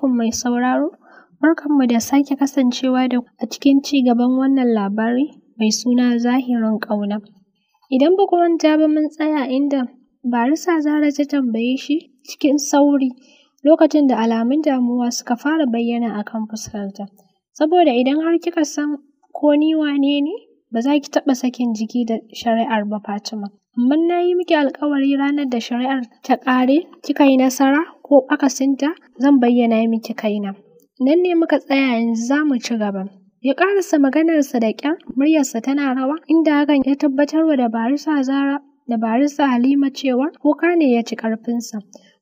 alaikum mai sauraro, barkanmu da sake kasancewa da a cikin ci gaban wannan labari mai suna zahirin ƙauna. Idan ba ku ba mun tsaya inda barisa Zara ta tambaye shi cikin sauri lokacin da alamun damuwa suka fara bayyana a kan fuskarta. Saboda idan har kika san ko ni wane ne, ba za ki taɓa sakin jiki da shari'ar ba Fatima. amma na yi miki alkawari ranar da shari'ar ta ƙare kika yi nasara ko akasinta zan bayyana miki kaina. Nan ne muka tsaya yanzu za mu ci gaba. Ya ƙarasa maganarsa da ƙyar, muryarsa tana rawa, inda hakan ya tabbatar da barisa Zara da barisa Halima cewa kuka ne ya ci ƙarfinsa.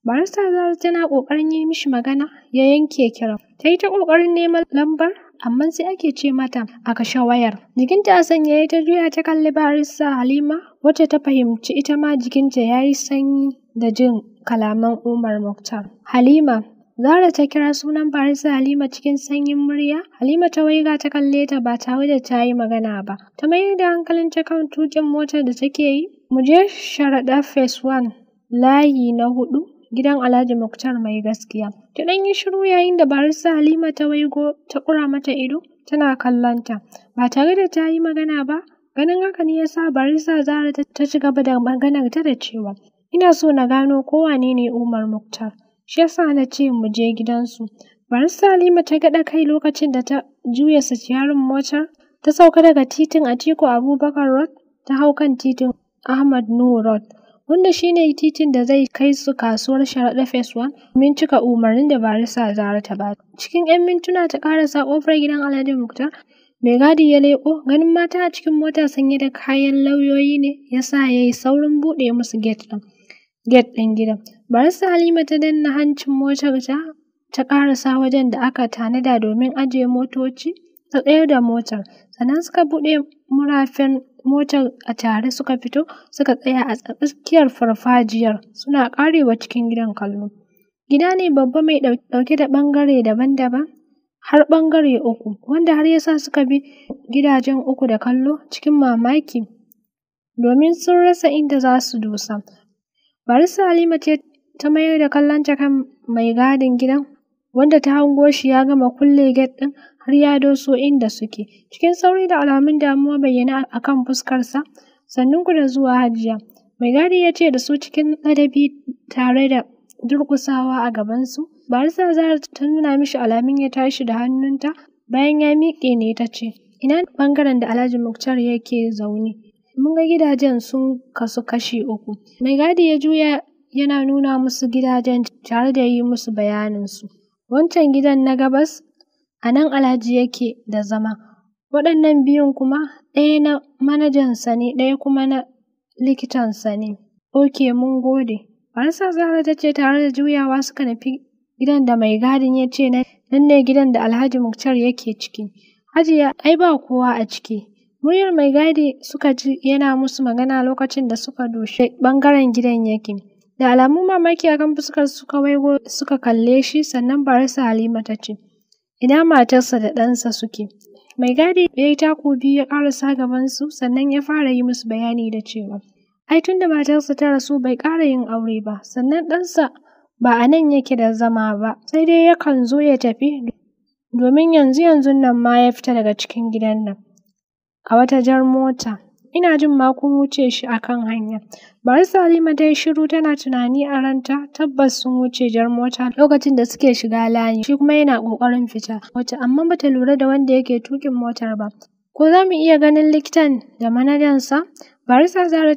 Barisa Zara tana ƙoƙarin yi mishi magana ya yanke kiran. Ta yi ta ƙoƙarin neman lambar amma sai ake ce mata a kashe wayar. Jikinta a sanya ya ta juya ta kalli barista Halima wacce ta fahimci ita ma jikinta ya yi sanyi da jin kalaman Umar Muktar. Halima Zara ta kira sunan barista Halima cikin sanyin murya. Halima ta waiga ta kalle ta ba tare da ta yi magana ba. Ta mayar da hankalin ta kan tukin motar da take yi. Mu je sharaɗa face one layi na hudu gidan Alhaji Muktar mai gaskiya. Ta ɗan yi shiru yayin da barista Halima ta waigo ta ƙura mata ido tana kallonta. Ba tare da ta yi magana ba, ganin haka ne ya sa barista Zara ta ci gaba da maganar ta da cewa, ina so na gano ko wane ne Umar Muktar. Shi yasa na ce mu je gidansu. Barista Halima ta gaɗa kai lokacin da ta juya sitiyarin motar, ta sauka daga titin Atiku Abubakar Road ta hau kan titin Ahmad Nuhu Road. wanda shi ne titin da zai kai su kasuwar Sharaɗa Phase one. domin cika umarnin da barista Zara ta ba. Cikin 'yan mintuna ta sa ƙofar gidan Alhaji Muktar, mai gadi ya leƙo ganin mata a cikin mota sanye da kayan lauyoyi ne ya sa ya yi saurin buɗe musu gate ɗin. Gate ɗin gidan. Barista Halima ta danna hancin motar ta ta sa wajen da aka tanada domin ajiye motoci ta tsayar da motar sannan suka buɗe murafin motar a tare suka fito suka tsaya a tsakiyar farfajiyar suna karewa cikin gidan kallo. Gida ne babba mai ɗauke da bangare daban-daban har ɓangare uku wanda har yasa suka bi gidajen uku da kallo cikin mamaki domin sun rasa inda za su dosa. Barista Halima ce ta mayar da kallon kan mai gadin gidan wanda ta hango shi ya gama kulle gate ɗin har ya doso inda suke. Cikin sauri da alamun damuwa bayyana a kan fuskarsa, sannan ku da zuwa hajiya. Mai gadi ya ce da su cikin ladabi tare da durƙusawa a gabansu. Barisa Zahra ta nuna mishi alamun ya tashi da hannunta bayan ya miƙe ne ta ce, Ina ɓangaren da Alhaji Muktar yake zaune. Mun ga gidajen sun kasu kashi uku. Mai gadi ya juya yana nuna musu gidajen tare da yi musu bayaninsu. Wancan gidan na gabas A nan Alhaji yake da zama, waɗannan biyun kuma ɗaya na manajansa ne ɗaya kuma na likitansa ne. Ok mun gode. Farisa Zahra ta ce tare da juyawa suka nufi gidan da mai gadin ya ce nan ne gidan da Alhaji Muktar yake ciki. ya ai ba kowa a ciki. Muryar mai gadi suka ji yana musu magana lokacin da suka dushe ɓangaren gidan yake. Da alamu mamaki a kan fuskar suka waigo suka kalle shi sannan Barisa Halima ta ce, Ina matarsa da ɗansa suke. Mai gadi ya yi taku biyu ya ƙarasa su sannan ya fara yi musu bayani da cewa, ai tunda matarsa ta rasu bai ƙara yin aure ba, sannan ɗansa ba a nan yake da zama ba, sai dai yakan zo ya tafi domin yanzu yanzun nan ma ya fita daga cikin gidan nan a wata jar mota. ina jin ma kun wuce shi a kan hanya. Bari Salima dai shiru tana tunani a ranta tabbas sun wuce jar mota lokacin da suke shiga layi shi kuma yana ƙoƙarin fita wacce amma bata lura da wanda yake tukin motar ba. Ko za mu iya ganin likitan da manajansa? Barisa Zara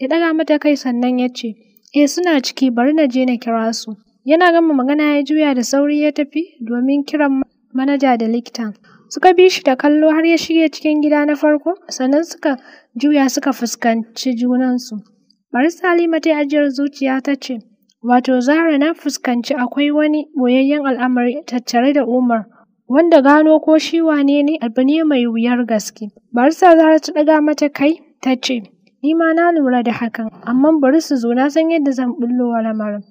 ya ɗaga mata kai sannan ya ce, Eh suna ciki bari na je na kira su. Yana gama magana ya juya da sauri ya tafi domin kiran manaja da likitan. Suka bi shi da kallo har ya shige cikin gida na farko, sannan suka juya suka fuskanci junansu. bari Halima ta ajiyar zuciya ta ce, Wato Zahra na fuskanci akwai wani boyayyen al'amari tattare da Umar, wanda gano ko shi wane ne abu ne mai wuyar gaske. Barisa Zahra ta ɗaga mata kai ta ce, Ni ma na lura da hakan, amma bari su zo na san yadda zan bullo wa lamarin.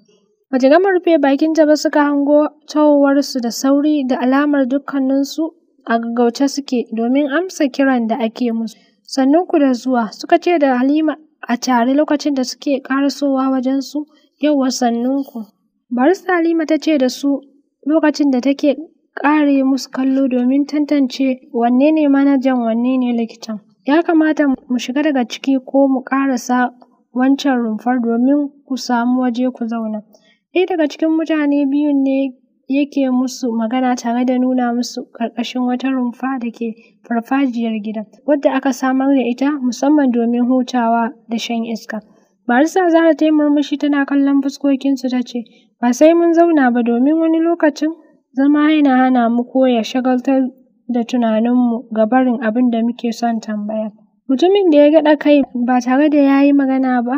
Mace gama rufe bakin jaba ba suka hango tawowarsu da sauri da alamar dukkaninsu a gaggauce suke domin amsa kiran da ake musu. Sannan ku da zuwa suka ce da Halima a tare lokacin da suke ƙarasowa wajensu, yauwa sannunku. Barista Halima ta ce da su lokacin da take kare musu kallo domin tantance wanne ne manajan wanne ne likitan. Ya kamata mu shiga daga ciki ko mu ƙarasa wancan rumfar domin ku samu waje ku zauna. Ɗaya daga cikin mutane biyun ne yake musu magana tare da nuna musu ƙarƙashin wata rumfa da ke farfajiyar gidan, wadda aka samar da ita musamman domin hutawa da shan iska. barisa Zahra ta yi murmushi tana kallon fuskokinsu ta ce, ba sai mun zauna ba domin wani lokacin zama yana hana mu koya shagaltar da tunaninmu ga barin abin da muke son tambaya. Mutumin da ya gaɗa kai ba tare da ya yi magana ba,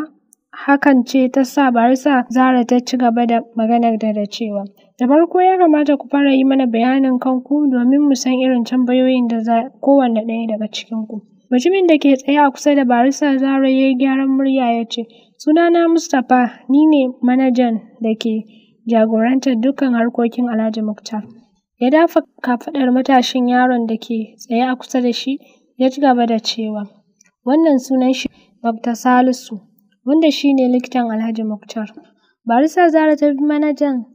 Hakan ce ta sa barisa Zara ta ci gaba da maganar da da cewa, Da farko ya kamata ku fara yi mana bayanin kanku domin mu san irin tambayoyin da kowanne ɗaya daga cikin ku Mutumin da ke tsaye a kusa da barisa Zara ya yi gyaran murya ya ce, Sunana Mustapha, ni ne manajan da ke jagorantar dukkan harkokin Alhaji Muktar. Ya dafa kafaɗar matashin yaron da ke tsaye a kusa da shi, ya ci gaba da cewa, Wannan sunan shi Dr. Salisu. wanda shi ne likitan Alhaji Muktar. Barista Zara ta bi manajan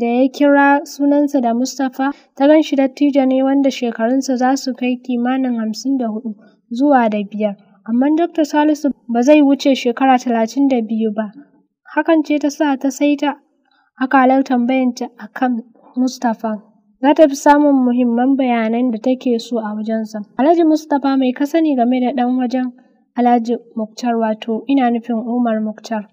da ya kira sunansa da Mustapha, ta gan shi dattijo ne wanda shekarunsa za su kai kimanin hamsin da hudu zuwa da biyar. Amma Dr. Salisu ba zai wuce shekara talatin da biyu ba. Hakan ce ta sa ta saita akalar tambayanta a kan Mustapha. Za ta fi samun muhimman bayanan da take so a wajensa. Alhaji Mustapha mai kasani game da ɗan wajen Alhaji Muktar wato ina nufin Umar Muktar.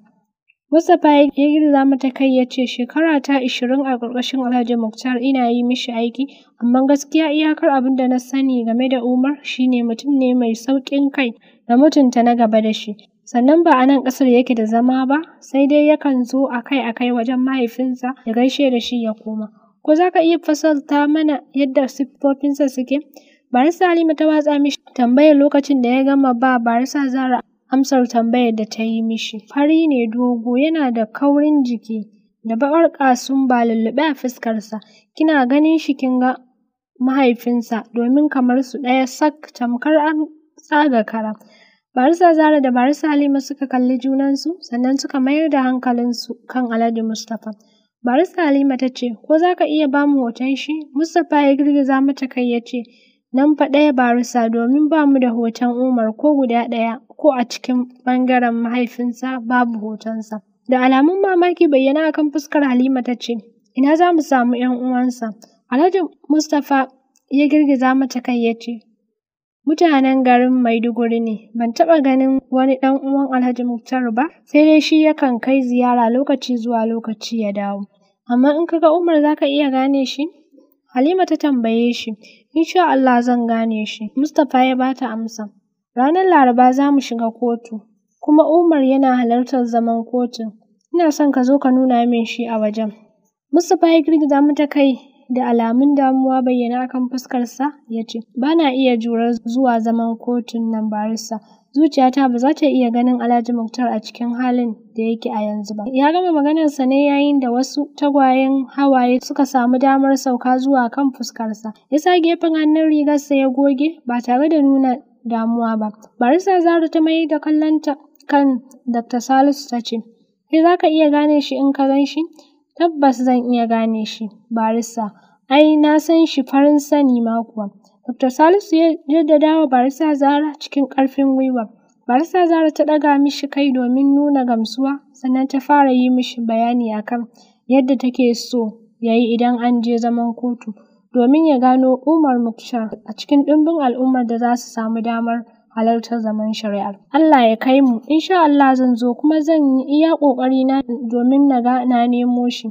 Mustapha ya girza mata kai ya ce shekara ta ishirin a ƙarƙashin Alhaji Muktar ina yi mishi aiki, amma gaskiya iyakar abin da na sani game da Umar shine mutum ne mai sauƙin kai da mutunta na gaba da shi. Sannan ba a nan ƙasar yake da zama ba, sai dai yakan zo a kai-a kai wajen mahaifinsa ya gaishe da shi ya koma. Ko za ka iya fasalta mana yadda siffofinsa suke? Barista Halima ta watsa mishi tambayar lokacin da ya gama ba Barista Zara amsar tambayar da ta yi mishi. Fari ne dogo, yana da kaurin jiki, da baƙar ba lulluɓe a fuskarsa. Kina ganin shi kin ga mahaifinsa, domin kamar su ɗaya sak, tamkar an tsaga kara. Barista Zara da Barista Halima suka kalli junansu, sannan suka mayar da hankalinsu kan Alhaji Mustapha. Barista Halima ta ce, Ko za ka iya ba mu hoton shi? Mustapha ya girgiza mata kai ya ce, Nan fa ɗaya barisa domin ba mu da hoton Umar ko guda ɗaya ko a cikin ɓangaren mahaifinsa babu hotonsa. Da alamun mamaki bayyana a kan fuskar Halima ta ce, Ina za mu samu ‘yan uwansa? Alhaji Mustapha ya girgiza mata kai ya ce, Mutanen garin Maiduguri ne, ban taɓa ganin wani ɗan uwan Alhaji Muktar ba, sai dai shi yakan kai ziyara lokaci zuwa lokaci ya dawo. Amma in ka ga Umar za ka iya gane shi? Halima ta tambaye shi, insha Allah zan gane shi. Mustapha ya ba ta amsa. Ranar Laraba za mu shiga kotu, kuma Umar yana halartar zaman kotun. Ina son ka zo ka nuna min shi a wajen. Mustapha ya girgiza mata kai da alamun damuwa bayyana akan fuskarsa ya ce, Bana iya jurar zuwa zaman kotun nan barisa. Zuciyata ba za ta iya ganin Alhaji Muktar a cikin halin da yake a yanzu ba. Ya gama maganarsa ne yayin da wasu tagwayen hawaye suka samu damar sauka zuwa kan fuskarsa. Ya sa gefen hannun rigarsa ya goge ba tare da nuna damuwa ba. Barisa Zara ta mai da kallonta kan Dr. Salisu ta ce, Ke za ka iya gane shi in ka gan shi? Tabbas zan iya gane shi, barisa." Ai, na san shi farin sani ma kuwa. Dr. Salisu ya jaddadawa wa Barisa Zara cikin ƙarfin gwiwa. Barisa Zara ta ɗaga mishi kai domin nuna gamsuwa, sannan ta fara yi mishi bayani akan yadda take so ya yi idan an je zaman kotu, domin ya gano Umar Muktar a cikin ɗimbin al'ummar da za su samu damar halartar zaman shari'ar. Allah ya kai mu, insha Allah zan zo kuma zan yi iya ƙoƙarina domin na ga na nemo shi.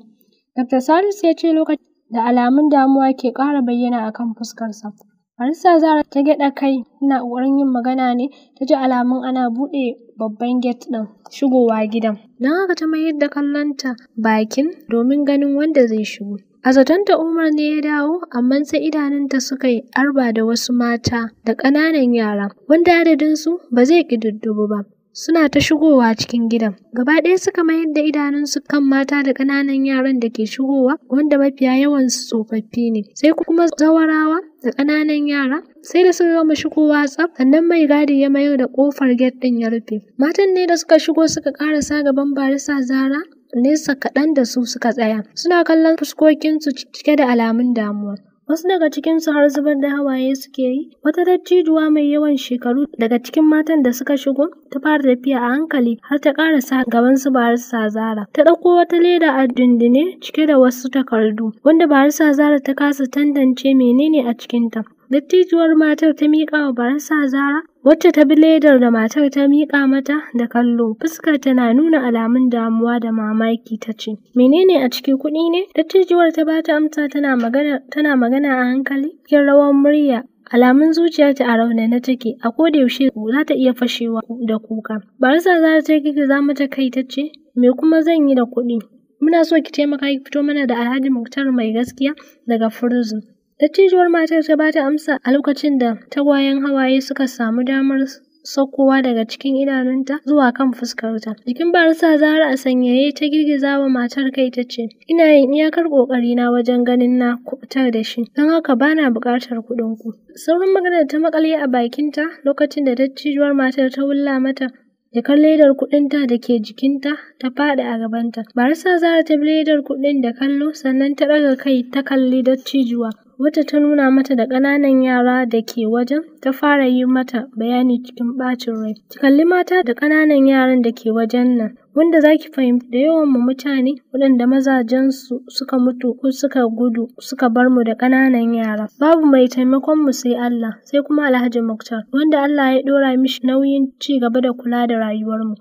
Dr. Salisu ya ce lokacin da alamun damuwa ke ƙara bayyana akan fuskarsa. Marisa Zara ta gyaɗa kai tana ƙoƙarin yin magana ne ta ji alamun ana buɗe babban get ɗin shigowa gidan. Na haka ta mayar da kallonta bakin domin ganin wanda zai shigo. A zaton ta Umar ne ya dawo amma sai idanunta suka yi arba da wasu mata da ƙananan yara wanda adadinsu ba zai ƙididdigu ba. suna ta shigowa cikin gidan. Gaba ɗaya suka mayar da idanunsu kan mata da ƙananan yaran da ke shigowa wanda mafiya yawan tsofaffi ne. Sai kuma zawarawa da ƙananan yara sai da suka gama shigowa tsaf sannan mai gadi ya mayar da ƙofar get ɗin ya rufe. Matan ne da suka shigo suka ƙarasa gaban barisa Zara nesa kaɗan da su suka tsaya. Suna kallon fuskokinsu cike da alamun damuwa. wasu daga cikinsu har zubar da hawaye suke yi wata dattijuwa mai yawan shekaru daga cikin matan da suka shigo ta fara tafiya a hankali har ta sa gaban su Barisa zara ta ɗauko wata leda a dindine cike da wasu takardu wanda Barisa zara ta kasa tantance menene a cikinta Dattijuwar matar ta miƙa wa barasa Zara, wacce ta bi ledar da matar ta miƙa mata da kallo. Fuskar ta na nuna alamun damuwa da mamaki ta ce, Menene a cikin kuɗi ne? Dattijuwar ta ba ta amsa tana magana, tana magana a hankali, Kin rawar murya. alamun zuciyarta a na take a ko da yaushe za ta iya fashewa da kuka Baransa za ta girgiza mata kai ta ce me kuma zan yi da kuɗi muna so ki taimaka ki fito mana da alhaji muktar mai gaskiya daga furzin Dattijuwar matar ta ba ta amsa a lokacin da tagwayen hawaye suka samu damar saukowa daga cikin idanunta zuwa kan fuskarta. Jikin barisa zara a sanyaye ta girgiza wa matar kai ta ce, Ina yin iyakar ƙoƙarina wajen ganin na kubutar da shi, don haka ba na buƙatar kuɗin ku. Sauran maganar ta maƙale a bakinta lokacin da dattijuwar matar ta wulla mata Da Jakar ledar ta da ke jikinta ta faɗi a gabanta. Barisa Zara ta bi ledar kuɗin da kallo sannan ta ɗaga kai ta kalli dattijuwa. Wata ta nuna mata da ƙananan yara da ke wajen ta fara yi mata bayani cikin ɓacin rai. Ta kalli mata da ƙananan yaran da ke wajen nan. wanda za ki fahimci da yawan mu mutane waɗanda mazajen su suka mutu ko suka gudu suka bar mu da ƙananan yara. Babu mai taimakon mu sai Allah, sai kuma Alhaji Muktar, wanda Allah ya ɗora mishi nauyin ci gaba da kula da rayuwarmu.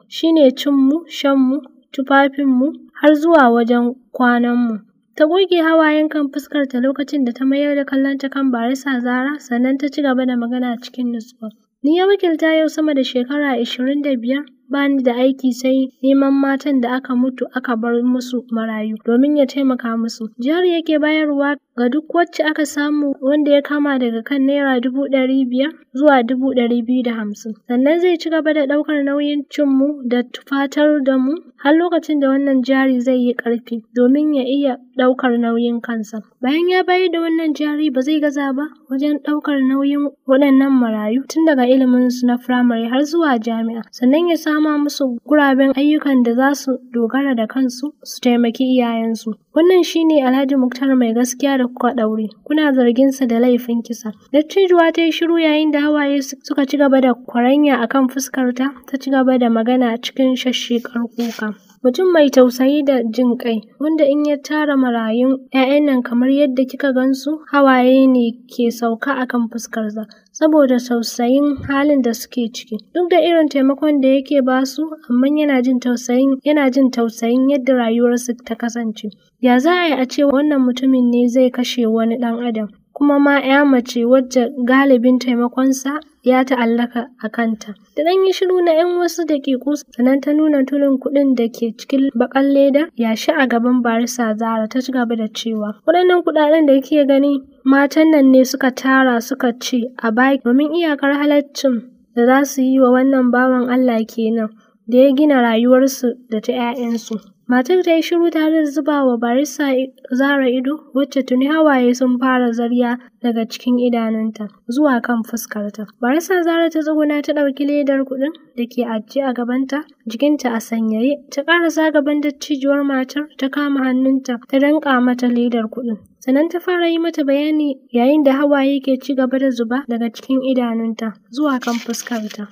mu shan mu tufafin mu har zuwa wajen kwanan mu Ta goge hawayen kan ta lokacin da ta mayar da kallon ta kan barisa Zara, sannan ta ci gaba da magana cikin nutsuwa. Ni ya wakilta yau sama da shekara ashirin da biyar bani da aiki sai neman matan da aka mutu aka bar musu marayu domin ya taimaka musu. Jari yake bayarwa ga duk wacce aka samu wanda ya kama daga kan naira dubu ɗari biyar zuwa dubu ɗari biyu da hamsin. Sannan zai ci gaba da ɗaukar nauyin cinmu da tufatar da mu har lokacin da wannan jari zai yi ƙarfi domin ya iya ɗaukar nauyin kansa. Bayan ya bayar da wannan jari ba zai gaza ba wajen ɗaukar nauyin waɗannan marayu tun daga iliminsu na firamare har zuwa jami'a. Sannan ya samu zama musu guraben ayyukan da za su dogara da kansu su taimaki iyayensu. Wannan shi ne Alhaji Muktar mai gaskiya da kuka ɗaure, kuna zarginsa da laifin kisa. Dattijuwa ta yi shiru yayin da hawaye suka ci gaba da kwaranya a kan fuskarta, ta ci gaba da magana cikin shashshikar kuka. Mutum mai tausayi da jin kai, wanda in ya tara marayun ‘ya'yan nan kamar yadda kika gansu, hawaye ne ke sauka akan fuskar fuskarsa. saboda tausayin halin da suke ciki. Duk da irin taimakon da yake ba su, amma yana jin tausayin yana jin tausayin yadda rayuwarsu ta kasance. Ya za a yi a ce wannan mutumin ne zai kashe wani ɗan adam? Kuma ma 'ya mace wacce galibin taimakonsa ya ta'allaka a kanta. Da ɗan yi shiru na 'yan wasu daƙiƙu sannan ta nuna tulin kuɗin da ke cikin bakan leda yashi a gaban barisa Zara ta ci gaba da cewa waɗannan kuɗaɗen da kike gani matan nan ne suka tara suka ce a baki domin iyakar halaccin da za su yi wa wannan bawan Allah kenan da ya gina rayuwarsu da ta 'ya'yansu. Matar ta yi shiru tare da zuba wa barista zara ido wacce tuni hawaye sun fara zarya daga cikin idanunta zuwa kan fuskarta. Barista zara ta tsuguna ta ɗauki ledar kuɗin da ke ajiye a gabanta, jikinta a sanyaye, ta ƙarasa gaban cijiyar matar ta kama hannunta ta danƙa mata ledar kuɗin. Sannan ta fara yi mata bayani yayin da hawaye ke ci gaba da zuba daga cikin idanunta zuwa kan fuskarta.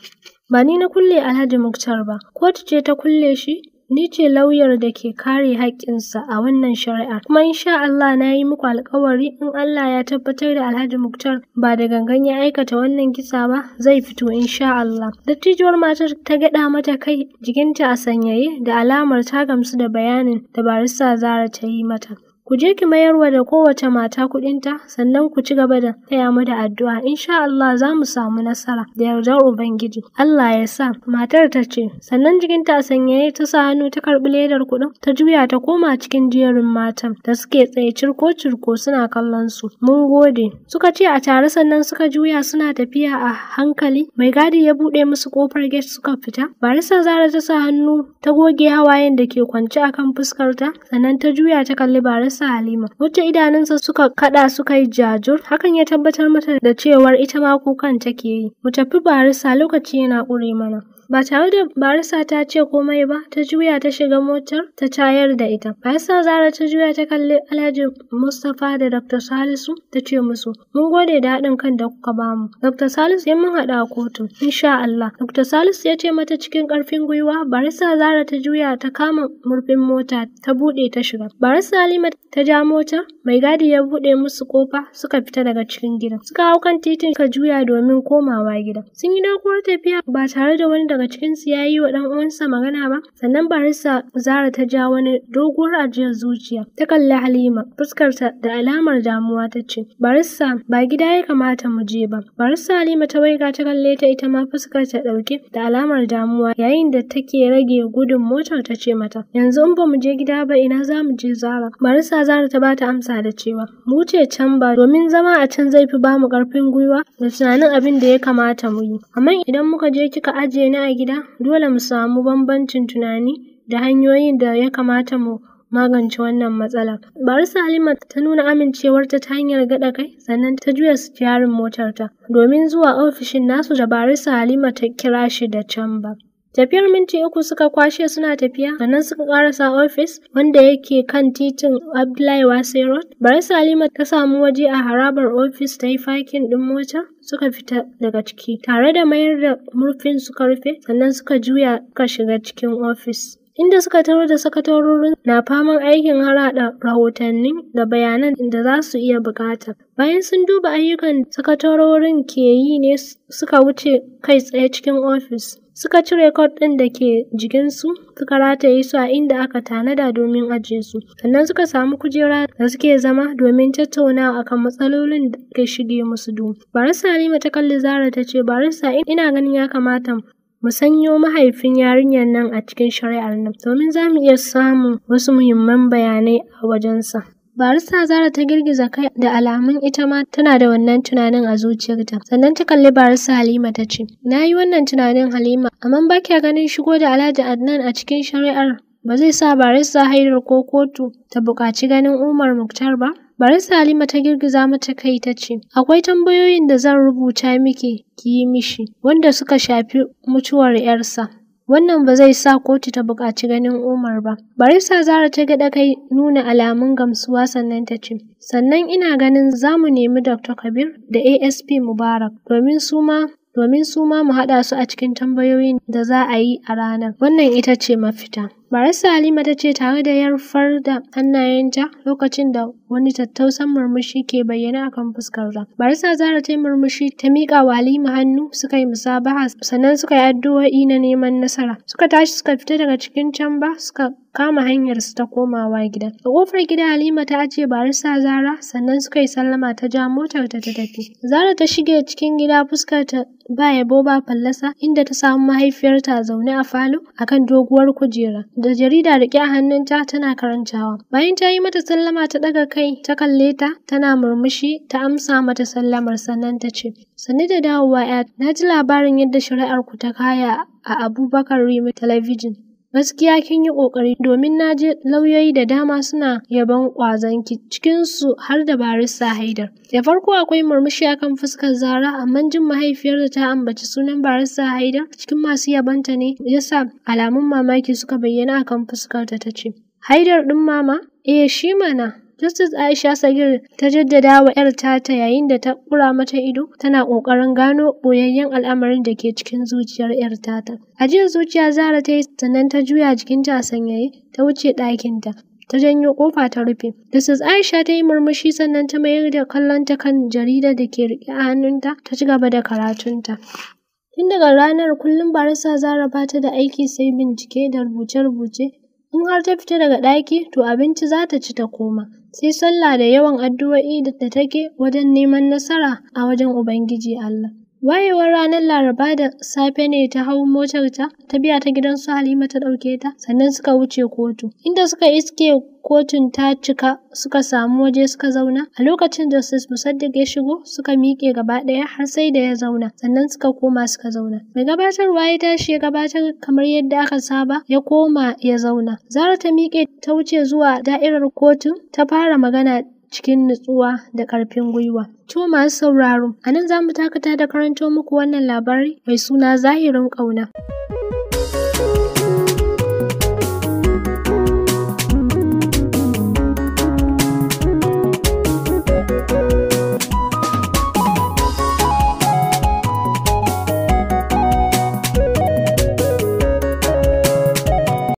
Ba ni na kulle Alhaji Muktar ba, kotu ce ta kulle shi Ni ce lauyar da ke kare haƙƙinsa a wannan shari'ar. Kuma insha Allah na yi muku alƙawari in Allah ya tabbatar da Alhaji Muktar ba da gangan ya aikata wannan kisa ba zai fito insha Allah. Dattijuwar matar ta gaɗa mata kai jikinta a sanyaye da alamar ta gamsu da bayanin da barista Zara ta yi mata. ku je ki mayarwa da kowace mata kuɗinta sannan ku ci gaba da taya mu da addu'a insha Allah za mu samu nasara da yardar ubangiji Allah ya sa matar ta ce sannan jikinta a sanyaye ta sa hannu ta karɓi ledar kuɗin ta juya ta koma cikin jerin matan da suke tsaye cirko cirko suna kallon su mun gode suka ce a tare sannan suka juya suna tafiya a hankali mai gadi ya buɗe musu kofar gate suka fita barisa zara ta sa hannu ta goge hawayen da ke kwance akan fuskarta sannan ta juya ta kalli barisa sa Halima, wacce idanunsa suka kada suka yi jajur, hakan ya tabbatar mata da cewar ita ma kukan take yi. Mu tafi barisa lokaci yana ƙure mana. Ba tare da barisa ta ce komai ba, ta juya ta shiga motar ta tayar da ita. Barisa Zara ta juya ta kalli Alhaji Mustapha da Dr. Salisu ta ce musu, "Mun gode da haɗin kan da kuka bamu." Dr. Salisu ya mun haɗa a kotu, insha Allah. Dr. Salisu ya ce mata cikin ƙarfin gwiwa, barisa Zara ta juya ta kama murfin mota ta buɗe ta shiga. Barisa Halima ta ja mota, mai gadi ya buɗe musu kofa suka fita daga cikin gidan. Suka hau kan titin ka juya domin komawa gida. Sun yi doguwar tafiya ba tare da wani daga daga cikinsu ya yi wa ɗan uwansa magana ba sannan barisa zara ta ja wani doguwar ajiyar zuciya ta kalli halima fuskarta da alamar damuwa ta ce Barisa ba gida ya kamata mu je ba barisa halima ta waiga ta kalle ta ita ma fuskarta ɗauke da alamar damuwa yayin da take rage gudun motar ta ce mata yanzu in ba mu je gida ba ina za mu je zara Barisa zara ta bata amsa da cewa mu ce can ba domin zama a can zai fi bamu karfin gwiwa da tunanin abin da ya kamata mu yi amma idan muka je kika ajiye ni a a gida, dole mu samu bambancin tunani da hanyoyin da ya kamata mu magance wannan matsalar. bari salima ta nuna amincewarta ta hanyar gaɗa kai sannan ta juya sitiyarin motarta domin zuwa ofishin nasu da bari salima ta kira shi da can ba. Tafiyar minti uku suka kwashe suna tafiya, sannan suka karasa ofis wanda yake kan titin Abdullahi Wasai Road. Bari Halima ta samu waje a harabar ofis ta yi fakin ɗin mota suka fita daga ciki, tare da mayar da murfin suka rufe, sannan suka juya suka shiga cikin ofis. inda suka tarar da sakatarorin na faman aikin harada rahotanni da bayanan da za su iya bukata. Bayan sun duba ayyukan sakatarorin ke yi ne suka wuce kai tsaye cikin ofis. Suka ci rekod ɗin da ke jikinsu, suka rataye su a inda aka tanada domin ajiye su, sannan suka samu kujera da suke zama domin tattaunawa akan matsalolin da ke shige musu duhu. Barista Halima ta kalli Zara ta ce, Barista ina ganin ya kamata mu sanyo mahaifin yarinyar nan a cikin shari'ar nan domin za mu iya samun wasu muhimman bayanai a wajensa. Barista Zara ta girgiza kai da alamun ita ma tana da wannan tunanin a zuciyarta. Sannan ta kalli Barista Halima ta ce, Na yi wannan tunanin Halima, amma ba kya ganin shigo da Alhaji Adnan a cikin shari'ar ba zai sa Barista Haidar ko kotu ta buƙaci ganin Umar Muktar ba? Bari Salima ta girgiza mata kai ta ce, Akwai tambayoyin da zan rubuta miki ki yi mishi, wanda suka shafi mutuwar ‘yarsa. Wannan ba zai sa kotu ta buƙaci ganin Umar ba. Barisa Zara ta gaɗa kai nuna alamun gamsuwa sannan ta ce, Sannan ina ganin za mu nemi Dr. Kabir da ASP Mubarak domin su ma domin su ma mu haɗa su a cikin tambayoyin da za a yi a ranar. Wannan ita ce mafita. Bari Halima ta ce tare da yarfar da hannayenta lokacin da wani tattausan murmushi ke bayyana akan fuskarta. Barista Zara ta yi murmushi ta miƙa wa Halima hannu suka yi musabaha sannan suka yi addu'o'i na neman nasara. Suka tashi suka fita daga cikin camba suka kama hanyar su ta komawa gida. A kofar gida Halima ta ajiye sa Zara sannan suka yi sallama ta ja motar ta ta tafi. Zara ta shige cikin gida fuskar ta ba yabo ba fallasa inda ta samu mahaifiyarta zaune a falo akan doguwar kujera. da jarida riƙe a hannunta tana karantawa. Bayan ta yi mata sallama ta ɗaga kai ta kalle ta tana murmushi ta amsa mata sallamar sannan ta ce, Sannu da dawowa 'ya na ji labarin yadda shari'ar ku ta kaya a Abubakar Rimi Talabijin. Gaskiya kin yi ƙoƙari domin na je lauyoyi da dama suna yabon ƙwazanki cikinsu har da barista Haidar. Da farko akwai murmushi akan fuskar Zara amma jin mahaifiyar da ta ambaci sunan barista Haidar cikin masu yabanta ne yasa alamun mamaki suka bayyana akan fuskarta ta ce. Haidar ɗin mama? Eh shi mana. Justice Aisha Sagir ta jaddada wa 'yar tata yayin da ta kura mata ido tana ƙoƙarin gano ɓoyayyen al'amarin da ke cikin zuciyar 'yar tata. jiya zuciya Zara ta yi sannan ta juya jikinta a sanyaye ta wuce ɗakinta. ta janyo kofa ta rufe. Mrs. Aisha ta yi murmushi sannan ta mayar da kallon ta kan jarida da ke riƙe a hannunta ta ci gaba da karatunta. Tun daga ranar kullum barista Zara ba ta da aiki sai bincike da rubuce-rubuce. In har ta fita daga ɗaki to abinci za ta ci ta koma. sai sallah da yawan addu'o'i da take wajen neman nasara a wajen Ubangiji Allah. Wayewar ranar Laraba da safe ne ta hau motarta, ta biya ta gidan su Halima ta ɗauke ta, sannan suka wuce kotu. Inda suka iske kotun ta cika suka samu waje suka zauna. A lokacin Justice Musaddiq ya shigo suka miƙe gaba ɗaya har sai da ya zauna, sannan suka koma suka zauna. Mai gabatarwa ya tashi ya gabatar kamar yadda aka saba ya koma ya zauna. Zara ta miƙe ta wuce zuwa da'irar kotun ta fara magana cikin nutsuwa da ƙarfin gwiwa. To masu sauraro, a nan za mu dakata da karanto muku wannan labari mai suna zahirin ƙauna.